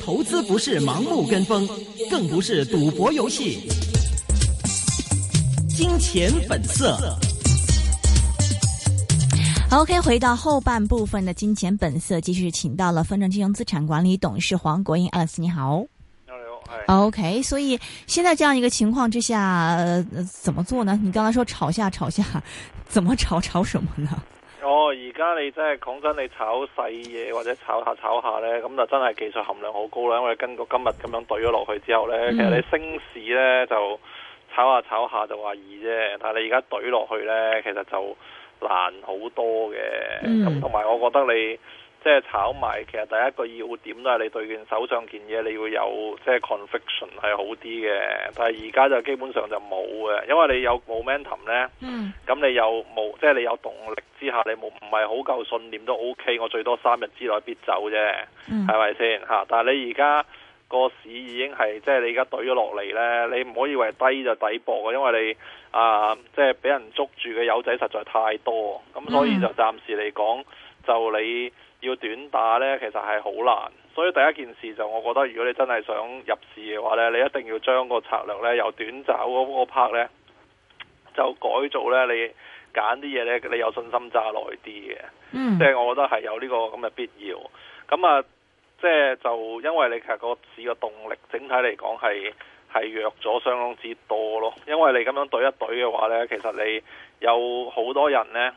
投資不是盲目跟風，更不是賭博遊戲。金錢本色。OK，回到後半部分的金錢本色，繼續請到了豐盛金融資產管理董事黃國英，Alex 你好。Hello，嗨。OK，所以現在這樣一個情況之下，呃，怎麼做呢？你剛才說炒下炒下，怎麼炒？炒什麼呢？哦，而家你真係講真，你炒細嘢或者炒下炒下呢，咁就真係技術含量好高啦。因為根據今日咁樣對咗落去之後呢，嗯、其實你升市呢，就炒下炒下就話易啫，但係你而家對落去呢，其實就難好多嘅。咁同埋、嗯、我覺得你。即係炒賣，其實第一個要點都係你對件手上件嘢你要有即係 conviction 係好啲嘅，但係而家就基本上就冇嘅，因為你有 momentum 咧，咁、嗯、你有冇即係你有動力之下，你冇唔係好夠信念都 OK，我最多三日之內必走啫，係咪先嚇？但係你而家個市已經係即係你而家懟咗落嚟咧，你唔可以為低就抵博嘅，因為你啊即係俾人捉住嘅友仔實在太多，咁所以就暫時嚟講就你。要短打呢，其實係好難，所以第一件事就，我覺得如果你真係想入市嘅話呢，你一定要將個策略呢由短炒嗰個 part 呢，就改做呢你揀啲嘢呢，你有信心揸耐啲嘅。Mm. 即係我覺得係有呢、這個咁嘅必要。咁啊，即係就因為你其實個市嘅動力整體嚟講係係弱咗相當之多咯。因為你咁樣對一對嘅話呢，其實你有好多人呢。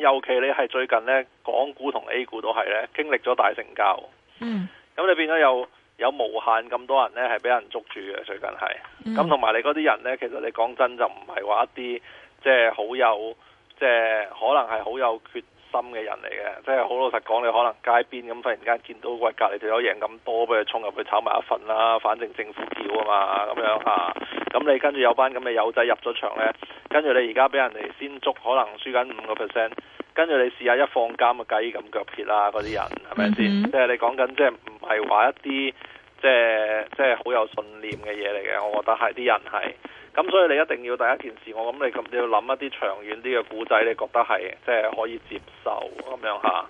尤其你係最近呢，港股同 A 股都係呢，經歷咗大成交。嗯。咁你變咗有有無限咁多人呢，係俾人捉住嘅最近係。咁同埋你嗰啲人呢，其實你講真就唔係話一啲即係好有，即係可能係好有決。心嘅人嚟嘅，即係好老實講，你可能街邊咁忽然間見到個隔離就有贏咁多，畀佢衝入去炒埋一份啦，反正政府票啊嘛，咁樣嚇。咁、啊、你跟住有班咁嘅友仔入咗場呢，跟住你而家俾人哋先捉，可能輸緊五個 percent，跟住你試下一放監咪計咁腳撇啦、啊，嗰啲人係咪先？即係你講緊即係唔係話一啲即係即係好有信念嘅嘢嚟嘅？我覺得係啲人係。咁所以你一定要第一件事，我諗你咁要諗一啲長遠啲嘅古仔，你覺得係即係可以接受咁樣吓。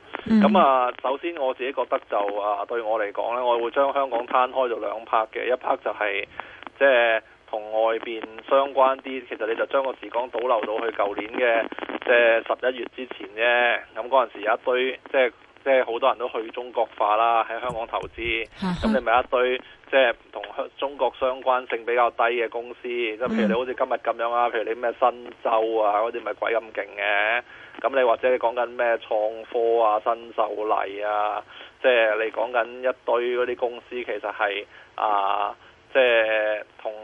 咁啊，首先我自己覺得就啊，對我嚟講咧，我會將香港攤開咗兩拍嘅，一拍就係即係同外邊相關啲，其實你就將個時光倒流到去舊年嘅即係十一月之前啫。咁嗰陣時有一堆即係。就是即係好多人都去中國化啦，喺香港投資，咁 你咪一堆即係同香中國相關性比較低嘅公司，即係譬如你好似今日咁樣啊，譬如你咩新洲啊嗰啲咪鬼咁勁嘅，咁你或者你講緊咩創科啊、新秀麗啊，即係你講緊一堆嗰啲公司其實係啊，即係同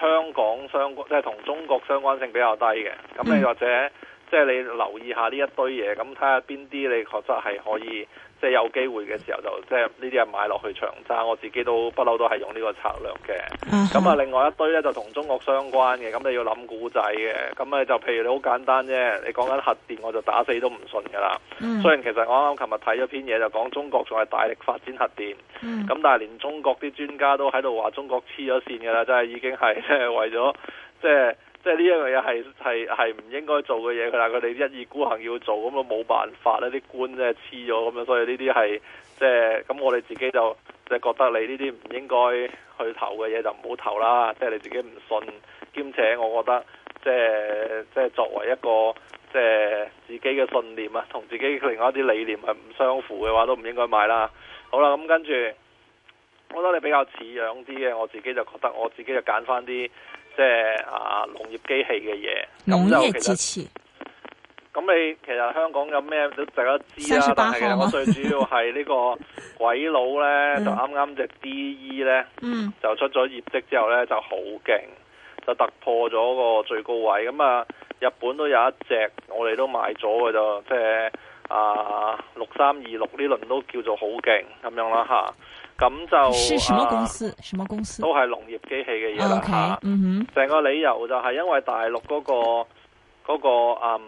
香港相即係同中國相關性比較低嘅，咁你或者。 即係你留意下呢一堆嘢，咁睇下邊啲你覺得係可以，即係有機會嘅時候就即係呢啲嘢買落去長揸。我自己都不嬲都係用呢個策略嘅。咁啊， 另外一堆呢，就同中國相關嘅，咁你要諗古仔嘅。咁啊，就譬如你好簡單啫，你講緊核電，我就打死都唔信㗎啦。嗯、雖然其實我啱啱琴日睇咗篇嘢就講中國仲係大力發展核電，咁、嗯、但係連中國啲專家都喺度話中國黐咗線㗎啦，即係已經係即係為咗即係。就是即係呢一樣嘢係係係唔應該做嘅嘢，佢但係佢哋一意孤行要做，咁啊冇辦法啦，啲官真係黐咗，咁啊，所以呢啲係即係咁，我哋自己就即係覺得你呢啲唔應該去投嘅嘢就唔好投啦。即係你自己唔信，兼且我覺得即係即係作為一個即係自己嘅信念啊，同自己另外一啲理念係唔相符嘅話，都唔應該買啦。好啦，咁跟住，我覺得你比較似樣啲嘅，我自己就覺得我自己就揀翻啲。即係、就是、啊，農業機器嘅嘢，咁就其實。咁你其實香港有咩都大家知啦，啊、 但係其實我最主要係呢個鬼佬呢，嗯、就啱啱隻 DE 呢，就出咗業績之後呢，就好勁，嗯、就突破咗個最高位。咁啊，日本都有一隻，我哋都買咗嘅就即、是、係啊六三二六呢輪都叫做好勁咁樣啦、啊、吓。咁就啊，都係農業機器嘅嘢啦嚇，嗯哼、oh, okay. mm。成、hmm. 個理由就係因為大陸嗰、嗰個嗰、嗰個嗯、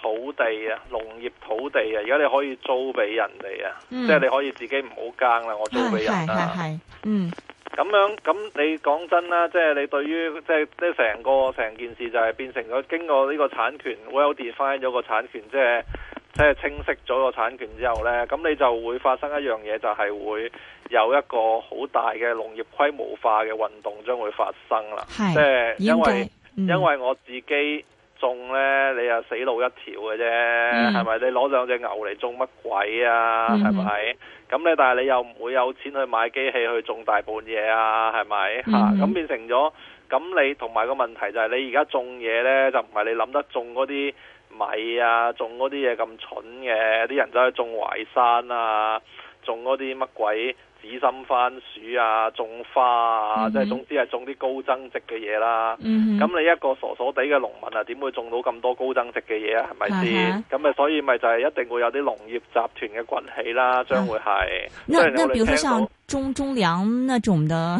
土地啊，農業土地啊，而家你可以租俾人哋啊，即係、mm hmm. 你可以自己唔好耕啦，我租俾人啦。係嗯、mm。咁、hmm. 樣咁你講真啦，即、就、係、係、你對於即係啲成個成件事就係變成咗經過呢個產權，well define 咗個產權，即、well、係。即係清晰咗個產權之後呢，咁你就會發生一樣嘢，就係、是、會有一個好大嘅農業規模化嘅運動將會發生啦。係是，因為、嗯、因為我自己種呢，你又死路一條嘅啫，係咪、嗯？你攞兩隻牛嚟種乜鬼啊？係咪、嗯？咁你但係你又唔會有錢去買機器去種大半嘢啊？係咪？吓、嗯，咁、啊、變成咗咁你同埋個問題就係你而家種嘢呢，就唔係你諗得種嗰啲。米啊，種嗰啲嘢咁蠢嘅，啲人走去種淮山啊，種嗰啲乜鬼紫心番薯啊，種花啊，即係總之係種啲高增值嘅嘢啦。咁、mm hmm. 你一個傻傻地嘅農民啊，點會種到咁多高增值嘅嘢啊？係咪先？咁咪、mm hmm. 所以咪就係一定會有啲農業集團嘅崛起啦，將會係、mm hmm. 那那，比如說像中中糧那種的。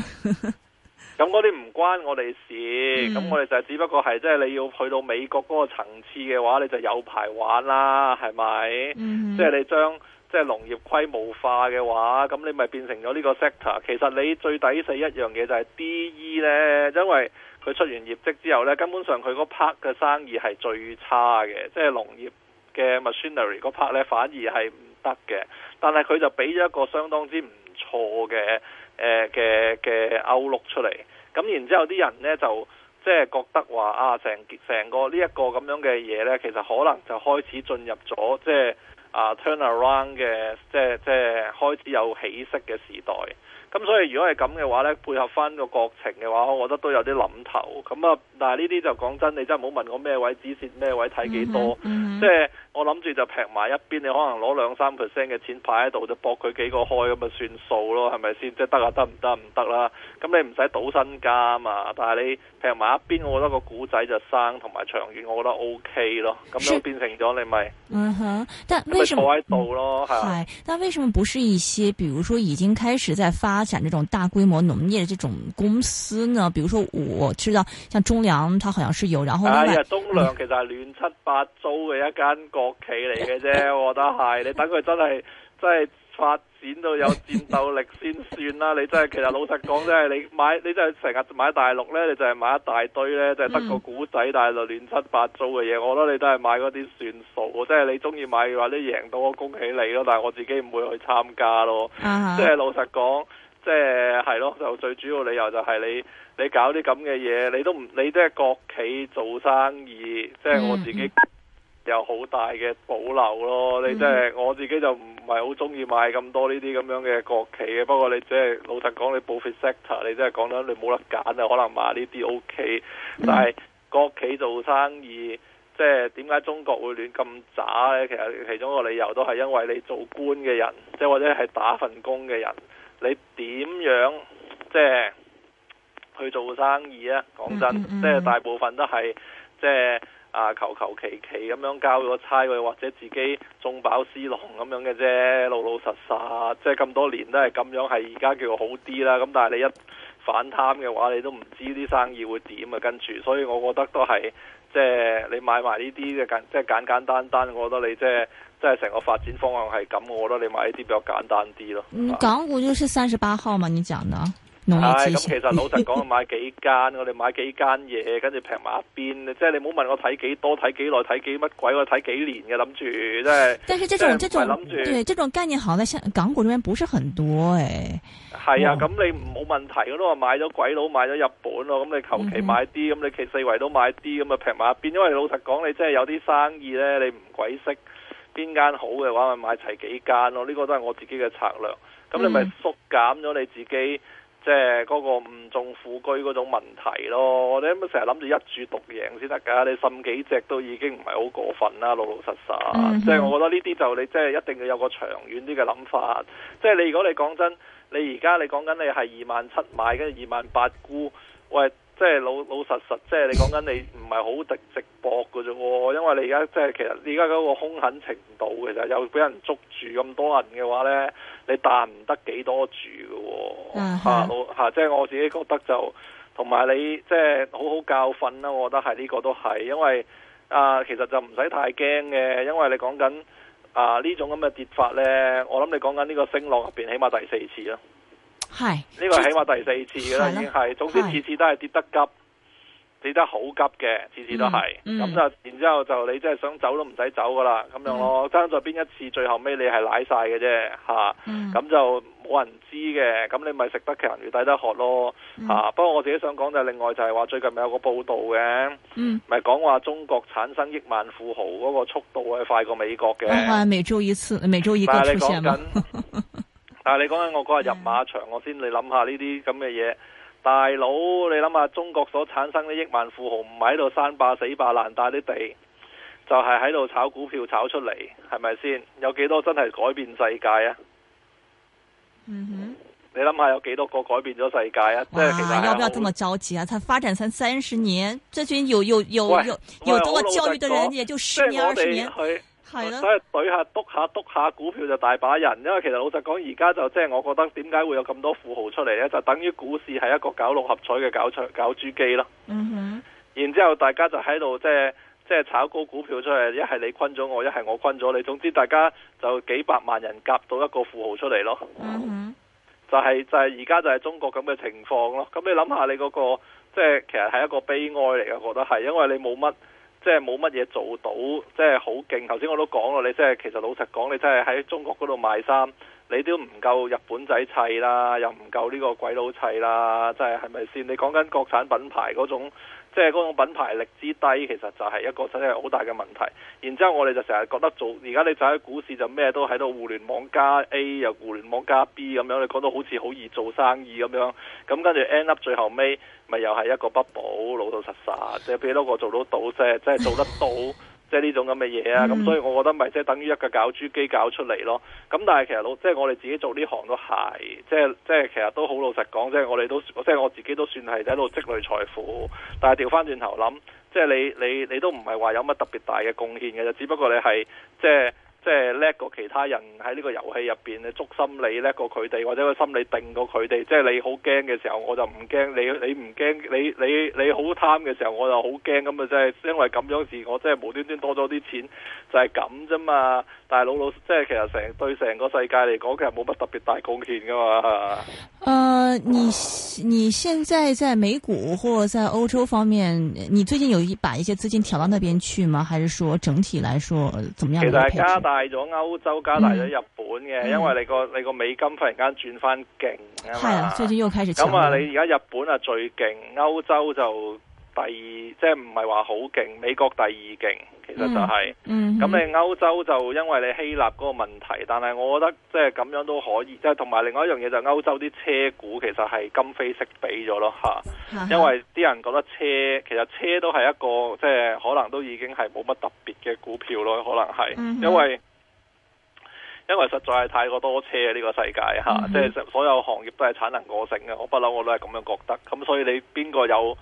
咁嗰啲唔關我哋事，咁、mm hmm. 我哋就只不過係即係你要去到美國嗰個層次嘅話，你就有排玩啦，係咪？即係、mm hmm. 你將即係、就是、農業規模化嘅話，咁你咪變成咗呢個 sector。其實你最抵死一樣嘢就係 DE 呢，因為佢出完業績之後呢，根本上佢嗰 part 嘅生意係最差嘅，即、就、係、是、農業嘅 machinery 嗰 part 呢，反而係唔得嘅，但係佢就俾咗一個相當之唔錯嘅。誒嘅嘅勾錄出嚟，咁然之後啲人呢就即係覺得話啊，成成個呢一個咁樣嘅嘢呢，其實可能就開始進入咗即係啊 turnaround 嘅，即係、啊、即係開始有起色嘅時代。咁所以如果係咁嘅話呢，配合翻個國情嘅話，我覺得都有啲諗頭。咁啊，但係呢啲就講真，你真係唔好問我咩位止蝕，咩位睇幾多。Mm hmm. mm hmm. 即係、嗯、我諗住就平埋一邊，你可能攞兩三 percent 嘅錢擺喺度，就搏佢幾個開咁咪算數咯，係咪先？即係得啊，得唔得唔得啦？咁你唔使賭身家啊嘛，但係你平埋一邊，我覺得個古仔就生同埋長遠，長遠我覺得 O K 咯。咁樣變成咗你咪嗯哼，但為什麼坐喺度咯？係、嗯、是但為什麼不是一些，比如說已經開始在發展這種大規模農業的這種公司呢？比如說我知道，像中糧，它好像是有，然後另外中糧、啊啊、其實係亂七八糟嘅一。間 國企嚟嘅啫，我覺得係你等佢真係 真係發展到有戰鬥力先算啦。你真係其實老實講，真係你買，你真係成日買大陸呢，你就係買一大堆呢，即係得個股仔，但係就亂七八糟嘅嘢。我覺得你都係買嗰啲算數，即係你中意買嘅話，你贏到我恭喜你咯。但係我自己唔會去參加咯。 即係老實講，即係係咯，就最主要理由就係你你搞啲咁嘅嘢，你都唔你都係國企做生意，即係我自己。 有好大嘅保留咯，你即係我自己就唔唔係好中意買咁多呢啲咁樣嘅國企嘅。不過你即係老實講，你報廢 sector，你即係講得你冇得揀啊，可能買呢啲 OK。但係國企做生意，即係點解中國會亂咁渣呢？其實其中一個理由都係因為你做官嘅人，即係或者係打份工嘅人，你點樣即係去做生意啊？講真，即係大部分都係即係。啊，求求其其咁樣交個差佢，或者自己中飽私囊咁樣嘅啫，老老實實，即係咁多年都係咁樣，係而家叫好啲啦。咁但係你一反貪嘅話，你都唔知啲生意會點啊。跟住，所以我覺得都係即係你買埋呢啲簡，即係簡簡單單。我覺得你即係即係成個發展方向係咁，我覺得你買呢啲比較簡單啲咯。嗯，港股就是三十八號嘛，你講的。係咁，瘋瘋 其實老實講，買幾間，我哋買幾間嘢，跟住劈埋一邊。即係你唔好問我睇幾多，多，睇幾耐，睇幾乜鬼，我睇幾年嘅諗住，即係。是但係這種這種對這種概念好的，像港股裏面唔係很多誒、欸。係啊，咁哇你冇問題，我、嗯、都買咗鬼佬，買咗日本咯。咁你求其買啲，咁你其四圍都買啲，咁咪劈埋一邊。因為老實講，你真係有啲生意呢，你唔鬼識邊間好嘅話，咪買齊幾間咯。呢個都係我自己嘅策略。咁你咪縮減咗你自己。嗯嗯即係嗰個誤中副車嗰種問題咯，你唔好成日諗住一注獨贏先得㗎，你滲幾隻都已經唔係好過分啦，老老實實。即係、嗯哼。我覺得呢啲就你即係、就是、一定要有個長遠啲嘅諗法。即、就、係、是、你如果你講真，你而家你講緊你係二萬七買跟住二萬八沽，喂。即係老老實實，即係你講緊你唔係好直直搏嘅啫喎，因為你而家即係其實你而家嗰個兇狠程度其實又俾人捉住咁多人嘅話呢，你彈唔得幾多住嘅喎嚇，嚇即係我自己覺得就同埋你即係好好教訓啦，我覺得係呢個都係，因為啊其實就唔使太驚嘅，因為你講緊啊呢種咁嘅跌法呢，我諗你講緊呢個升浪入邊起碼第四次啦。係呢 Hi, 個起碼第四次啦，已經係，總之次次都係跌得急，Hi. 跌得好急嘅，次次都係，咁就、嗯嗯、然之後就你真係想走都唔使走噶啦，咁樣咯，爭咗邊一次最後尾你係瀨晒嘅啫，吓，咁就冇人知嘅，咁你咪食得求人，要抵得渴咯，吓，不過我自己想講就另外就係話最近咪有個報道嘅，咪講話中國產生億萬富豪嗰個速度係快過美國嘅，嗯，每周一次，每周一個出現 但係你講緊我日入馬場，嗯、我先你諗下呢啲咁嘅嘢。大佬，你諗下中國所產生嘅億萬富豪，唔係喺度生霸死霸爛大啲地，就係喺度炒股票炒出嚟，係咪先？有幾多真係改變世界啊？嗯哼，你諗下有幾多個改變咗世界啊？即係哇其實嘅。要不要這麼着急啊？他發展成三十年，最緊要要要要有得教育的人，也就十年二十年。所以懟下督下督下股票就大把人，因為其實老實講，而家就即係、就是、我覺得點解會有咁多富豪出嚟呢？就等於股市係一個搞六合彩嘅搞彩攪珠機咯。嗯、哼然之後大家就喺度即係即係炒高股票出嚟，一係你坤咗我，一係我坤咗你，總之大家就幾百萬人夾到一個富豪出嚟咯。嗯、哼就係、是、就係而家就係中國咁嘅情況咯。咁你諗下你嗰、那個即係、就是、其實係一個悲哀嚟嘅，我覺得係，因為你冇乜。即係冇乜嘢做到，即係好勁。頭先我都講啦，你即係其實老實講，你真係喺中國嗰度賣衫，你都唔夠日本仔砌啦，又唔夠呢個鬼佬砌啦，即係係咪先？你講緊國產品牌嗰種。即係嗰種品牌力之低，其實就係一個真係好大嘅問題。然之後我哋就成日覺得做而家你就喺股市就咩都喺度，互聯網加 A 又互聯網加 B 咁樣，你講到好似好易做生意咁樣。咁跟住 end up 最後尾咪又係一個不保，老老實實，即係幾多個做到到啫，即係做得到。就是即係呢種咁嘅嘢啊，咁、mm. 所以我覺得咪即係等於一個搞豬機搞出嚟咯。咁但係其實老，即係我哋自己做呢行都係，即係即係其實都好老實講，即係我哋都，即係我自己都算係喺度積累財富。但係調翻轉頭諗，即係你你你都唔係話有乜特別大嘅貢獻嘅啫，只不過你係即係。就是即係叻過其他人喺呢個遊戲入邊，你捉心理叻過佢哋，或者個心理定過佢哋。即係你好驚嘅時候，我就唔驚；你；你唔驚，你，你你好貪嘅時候，我就好驚。咁啊，即係因為咁樣事，我真係無端端多咗啲錢。就係咁啫嘛，但係老老即係其實成對成個世界嚟講，其實冇乜特別大貢獻噶嘛。誒、呃，你你現在在美股或者在歐洲方面，你最近有把一些資金調到那邊去嗎？還是說整體來說，怎麼樣？其實加大咗歐洲，加大咗日本嘅，嗯、因為你個你個美金忽然間轉翻勁啊嘛。咁啊，最近又開始你而家日本啊最勁，歐洲就第二，即係唔係話好勁，美國第二勁。Mm hmm. 其實就係、是，咁、mm hmm. 你歐洲就因為你希臘嗰個問題，但係我覺得即係咁樣都可以，即係同埋另外一樣嘢就歐洲啲車股其實係今非昔比咗咯，吓，啊 mm hmm. 因為啲人覺得車其實車都係一個即係、就是、可能都已經係冇乜特別嘅股票咯，可能係，mm hmm. 因為因為實在係太過多車呢、這個世界，吓，即、啊、係、mm hmm. 所有行業都係產能過剩嘅。我不嬲我都係咁樣覺得，咁所以你邊個有？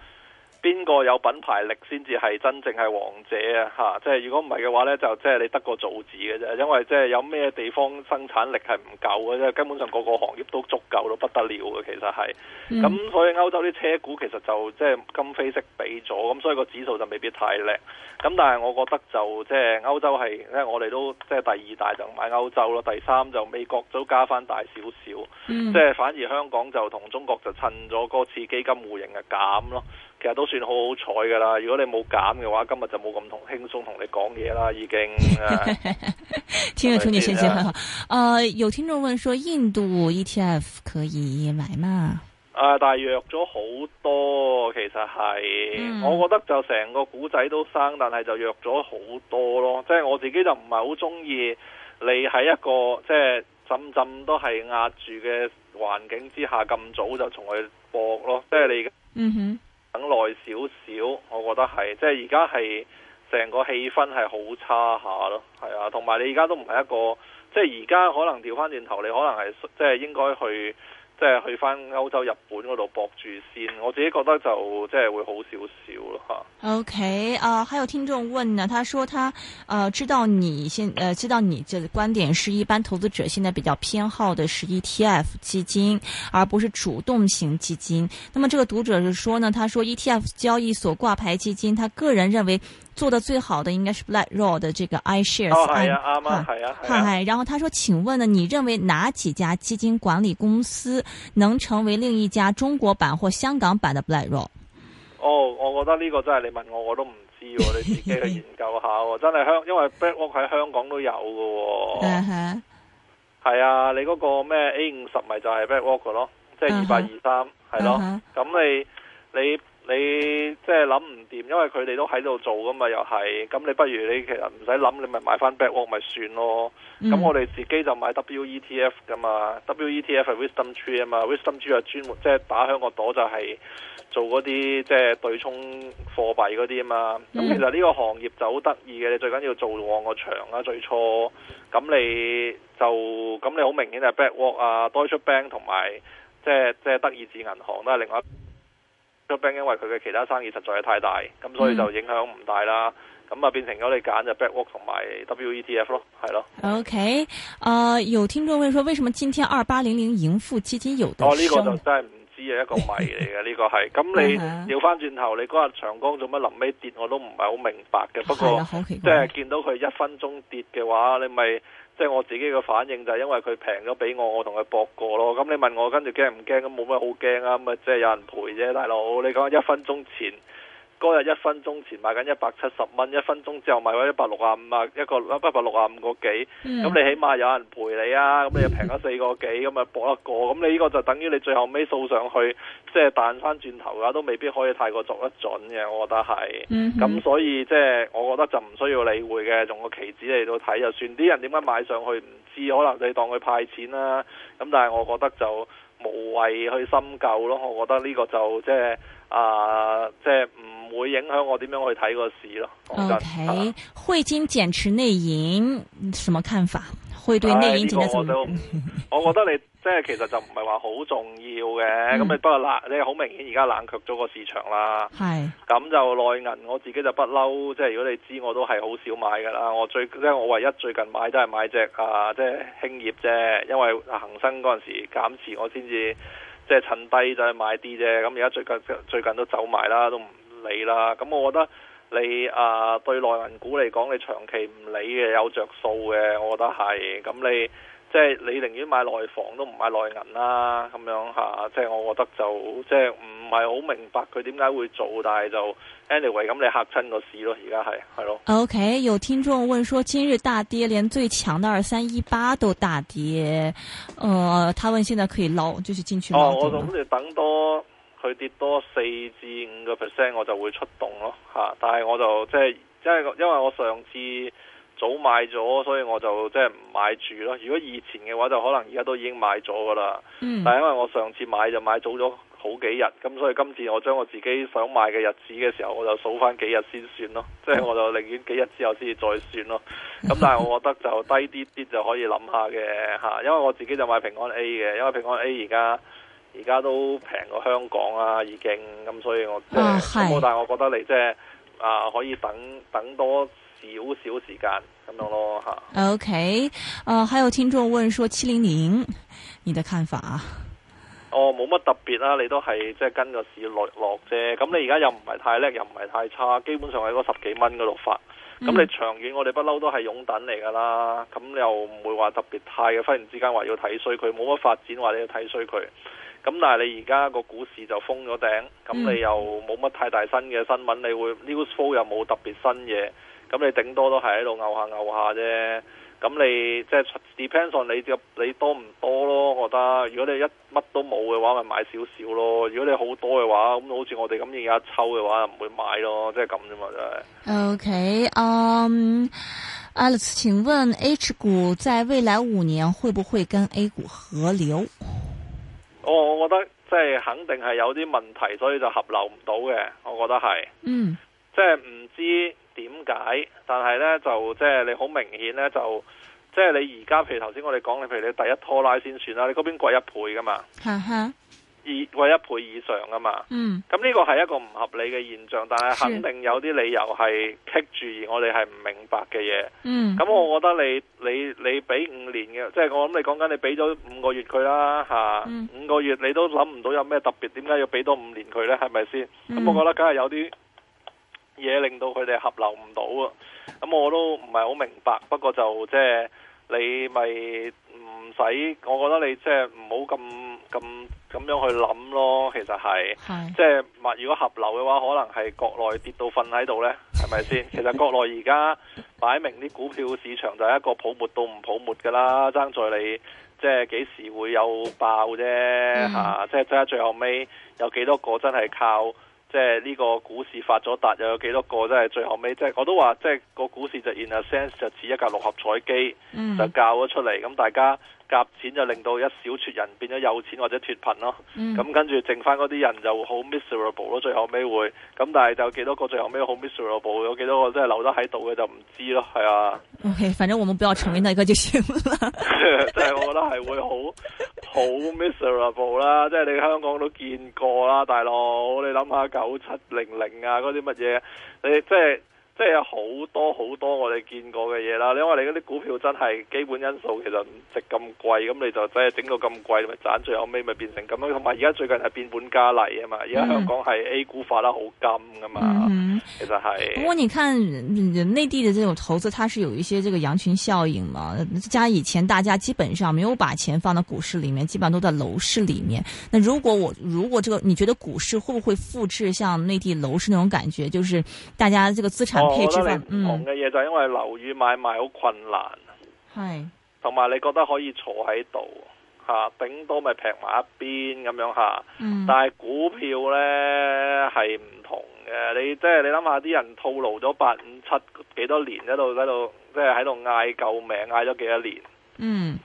邊個有品牌力先至係真正係王者啊？吓，即係如果唔係嘅話呢，就即係你得個造字嘅啫。因為即係有咩地方生產力係唔夠嘅，即係，根本上個個行業都足夠到不得了嘅。其實係咁，所以歐洲啲車股其實就即係今非昔比咗，咁所以個指數就未必太靚。咁但係我覺得就即係歐洲係，因為我哋都即係第二大就買歐洲咯，第三就美國都加翻大少少，嗯、即係反而香港就同中國就趁咗嗰次基金戶型嘅減咯。其實都算好好彩噶啦。如果你冇減嘅話，今日就冇咁同輕鬆同你講嘢啦。已經。天氣轉熱先先有聽眾問說，印度 ETF 可以買嗎？啊、但係弱咗好多。其實係，嗯、我覺得就成個古仔都升，但係就弱咗好多咯。即係我自己就唔係好中意你喺一個即係浸浸都係壓住嘅環境之下咁早就從佢博咯。即係你嗯，嗯哼。耐少少，我覺得係即係而家係成個氣氛係好差下咯，係啊，同埋你而家都唔係一個，即係而家可能調翻轉頭，你可能係即係應該去。即係去返歐洲、日本嗰度搏住先，我自己覺得就即係會好少少咯吓。OK，啊、呃，還有聽眾問呢，他說他，呃，知道你現，呃，知道你的觀點是一般投資者現在比較偏好的是 ETF 基金，而不是主動型基金。那麼這個讀者是說呢，他說 ETF 交易所掛牌基金，他個人認為。做得最好的應該是 BlackRock 的這個 iShares、哦、啊，係啊啱啊，係啊。咁、啊，啊啊、然後他說：請問呢，你認為哪幾家基金管理公司能成為另一家中國版或香港版的 BlackRock？哦，我覺得呢個真係你問我我都唔知、哦，你自己去研究下、哦。 真係香，因為 BlackRock 喺香港都有嘅、哦。嗯哼、uh。係、huh. 啊，你嗰個咩 A 五十咪就係 BlackRock 咯，即係二八二三係咯。咁你你。你你你即係諗唔掂，因為佢哋都喺度做噶嘛，又係。咁你不如你其實唔使諗，你咪買翻 BlackRock 咪算咯。咁、mm hmm. 我哋自己就買 WETF 噶嘛、mm hmm. WETF 係 Wisdom Tree 啊嘛，Wisdom Tree 係專門即係、就是、打響個朵就係做嗰啲即係對沖貨幣嗰啲啊嘛。咁、mm hmm. 其實呢個行業就好得意嘅，你最緊要做旺個場啦、啊。最初咁你就咁你好明顯係 BlackRock 啊，Deutsche Bank 同埋即係即係德意志銀行都係另外。因為佢嘅其他生意實在係太大，咁所以就影響唔大啦。咁啊、嗯，就變成咗你揀就 BlackRock 同埋 WETF 咯，係咯。OK，啊、呃，有聽眾會說，為什麼今天二八零零盈富基金有得升哦？呢、這個就真係唔知嘅一個謎嚟嘅，呢 個係。咁你調翻轉頭，你嗰日長江做乜臨尾跌，我都唔係好明白嘅。不過即係 見到佢一分鐘跌嘅話，你咪、就。是即係我自己嘅反應就係因為佢平咗畀我，我同佢搏過咯。咁、嗯、你問我跟住驚唔驚？咁冇咩好驚啊。咁、嗯、咪即係有人陪啫，大佬。你講一分鐘前。嗰日一分鐘前買緊一百七十蚊，一分鐘之後買開一百六啊五啊，一個一百六啊五個幾，咁你、hmm. 起碼有人陪你啊，咁你平咗四個幾，咁啊搏一個，咁你呢個就等於你最後尾數上去 è,，即係彈翻轉頭嘅話，都未必可以太過作得準嘅，我覺得係。咁所以即係我覺得就唔需要理會嘅，用個期指嚟到睇就算。啲人點解買上去唔知，可能你當佢派錢啦。咁但係我覺得就無謂去深究咯。我覺得呢個就即係。Uh, Okay. 啊，即係唔會影響我點樣去睇個市咯。O K，匯金減持內銀，什麼看法？匯對內銀減持？呢、這個我都，我覺得你即係其實就唔係話好重要嘅。咁 你不過冷，你好明顯而家冷卻咗個市場啦。係咁、嗯、就內銀，我自己就不嬲。即係如果你知，我都係好少買噶啦。我最即係我唯一最近買都係買隻啊，即係興業啫。因為恒生嗰陣時減持，我先至。即係趁低就係買啲啫，咁而家最近最近都走埋啦，都唔理啦。咁、嗯、我覺得你啊、呃、對內銀股嚟講，你長期唔理嘅有着數嘅，我覺得係。咁、嗯、你。即係你寧願買內房都唔買內銀啦，咁樣吓，即、啊、係、就是、我覺得就即係唔係好明白佢點解會做，但係就 anyway 咁你嚇親個市咯，而家係係咯。OK，有聽眾問說今日大跌，連最強的二三一八都大跌，呃，他問現在可以撈，就是進去撈、啊。我就諗住等多佢跌多四至五個 percent，我就會出動咯吓、啊。但係我就即係即係因為我上次。早買咗，所以我就即係唔買住咯。如果以前嘅話，就可能而家都已經買咗噶啦。嗯。但係因為我上次買就買早咗好幾日，咁所以今次我將我自己想買嘅日子嘅時候，我就數翻幾日先算咯。即係我就寧願幾日之後先至再算咯。咁但係我覺得就低啲啲就可以諗下嘅嚇， 因為我自己就買平安 A 嘅，因為平安 A 而家而家都平過香港啊，已經咁，所以我即係。啊，係。但係我覺得你即係啊，可以等等多少少時間咁樣咯吓。O K，呃，還有聽眾問說七零零，你的看法啊？哦，冇乜特別啦、啊，你都係即係跟個市落落啫。咁你而家又唔係太叻，又唔係太差，基本上喺嗰十幾蚊嗰度發。咁你長遠、嗯、我哋不嬲都係擁躉嚟㗎啦。咁又唔會話特別太嘅，忽然之間話要睇衰佢，冇乜發展話你要睇衰佢。咁但係你而家個股市就封咗頂，咁你又冇乜太大新嘅新聞，你會 newsful、嗯、又冇特別新嘢。.咁你頂多都係喺度拗下拗下啫。咁你即係 depends on 你嘅你多唔多咯？我覺得如果你一乜都冇嘅話，咪買少少咯。如果你好多嘅話，咁好似我哋咁而家抽嘅話，唔會買咯。即係咁啫嘛，真係。O K，嗯，Alex，請問 H 股在未來五年會不會跟 A 股合流？我覺得即係肯定係有啲問題，所以就合流唔到嘅。我覺得係，嗯，即係唔知。點解？但係呢，就即係你好明顯呢，就即係你而家譬如頭先我哋講，你譬如你第一拖拉先算啦，你嗰邊貴一倍噶嘛，吓吓，啊哈，以貴一倍以上噶嘛，嗯，咁呢個係一個唔合理嘅現象，但係肯定有啲理由係棘住，而我哋係唔明白嘅嘢，嗯，咁我覺得你你你俾五年嘅，即係我諗你講緊你俾咗五個月佢啦，吓、啊，嗯、五個月你都諗唔到有咩特別，點解要俾多五年佢呢，係咪先？咁、嗯、我覺得梗係有啲。嘢令到佢哋合流唔到啊！咁、嗯、我都唔係好明白，不過就即係、就係、你咪唔使，我覺得你即係唔好咁咁咁樣去諗咯。其實係是即係物，如果合流嘅話，可能係國內跌到瞓喺度呢，係咪先？其實國內而家擺明啲股票市場就係一個泡沫到唔泡沫噶啦，爭在你即係幾時會有爆啫嚇、嗯啊！即係睇下最後尾有幾多個真係靠。即係呢個股市發咗達又有幾多個，即係最後尾，即係我都話，即係個股市就 in a sense 就似一架六合彩機，mm. 就教咗出嚟，咁大家。夾錢就令到一小撮人變咗有錢或者脱貧咯，咁、嗯、跟住剩翻嗰啲人就好 miserable 咯，最後尾會，咁但係就幾多個最後尾好 miserable，有幾多個真係留得喺度嘅就唔知咯，係啊。O K，反正我們不要成為那個就行了。即係我覺得係會好好 miserable 啦，即係你香港都見過啦，大佬，你諗下九七零零啊，嗰啲乜嘢，你即係。即係好多好多我哋見過嘅嘢啦，你話你嗰啲股票真係基本因素，其實唔值咁貴，咁你就真係整到咁貴，咪賺最後尾咪變成咁樣。同埋而家最近係變本加厲啊嘛，而家香港係 A 股化得好金啊嘛，嗯、其實係、嗯。不過你看，人內地嘅這種投資，它是有一些這個羊群效應嘛，加以前大家基本上沒有把錢放到股市裡面，基本上都在樓市裡面。那如果我如果這個，你覺得股市會不會複製像內地樓市那種感覺？就是大家這個資產、哦。我覺得唔同嘅嘢就係，因為樓宇買賣好困難，係是，同埋你覺得可以坐喺度，吓，啊，頂多咪劈埋一邊咁樣吓。啊嗯、但係股票呢係唔同嘅，你即係、就是、你諗下啲人套路咗八五七幾多年喺度喺度，即係喺度嗌救命，嗌咗幾多年。多年嗯，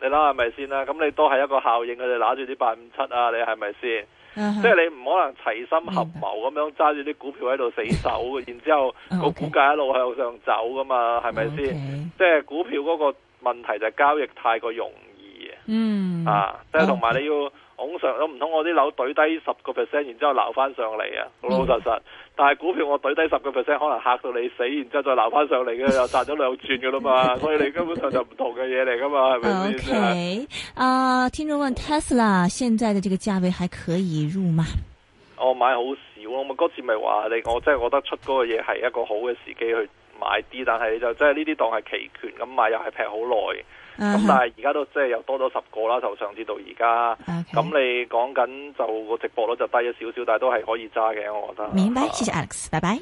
你諗下係咪先啦？咁你都係一個效應，佢哋拿住啲八五七啊，你係咪先？是 Uh huh. 即係你唔可能齊心合謀咁樣揸住啲股票喺度死守， 然之後個股價一路向上走噶嘛？係咪先？即係股票嗰個問題就係交易太過容易，uh huh. 啊！啊、uh huh. 即係同埋你要。拱、嗯、上都唔通我啲樓懟低十個 percent，然之後撈翻上嚟啊！老老實實，但係股票我懟低十個 percent，可能嚇到你死，然之後再撈翻上嚟嘅又賺咗兩轉噶啦嘛， 所以你根本上就唔同嘅嘢嚟噶嘛，係咪 OK，啊，okay. uh, 聽眾問 Tesla 現在嘅這個價位還可以入嗎？我買好少啊，我嗰次咪話你，我真係覺得出嗰個嘢係一個好嘅時機去買啲，但係就真係呢啲當係期權咁買，又係劈好耐。咁、uh huh. 但係而家都即係又多咗十個啦，就上至到而家。咁 Okay.、嗯、你講緊就個直播率就低咗少少，但係都係可以揸嘅，我覺得。明白，謝謝、啊、Alex，拜拜。